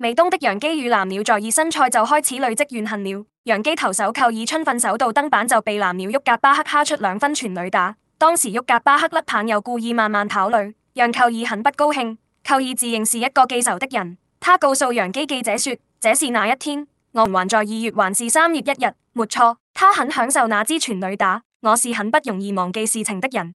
美東的楊基與藍鳥在熱身賽就開始累積怨恨了。楊基投手寇爾春分首度登板就被藍鳥沃格巴克敲出兩分全壘打。當時沃格巴克甩棒又故意慢慢跑壘，讓寇爾很不高興。寇爾自認是一個記仇的人，他告訴楊基記者說：這是哪一天？我們還在二月還是三月一日？沒錯，他很享受那支全壘打。我是很不容易忘記事情的人。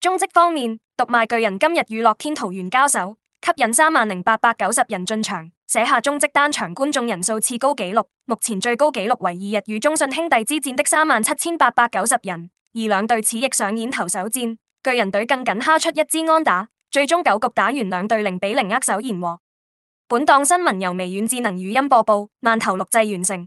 中職方面，讀賣巨人今日與樂天桃園交手。吸引三萬零八百九十人進場，寫下中職單場觀眾人數次高紀錄。目前最高紀錄為二日與中信兄弟之戰的三萬七千八百九十人。而兩隊此役上演投手戰，巨人隊更僅哈出一支安打，最終九局打完，兩隊零比零握手言和。本檔新聞由微軟智能語音播報，慢頭錄製完成。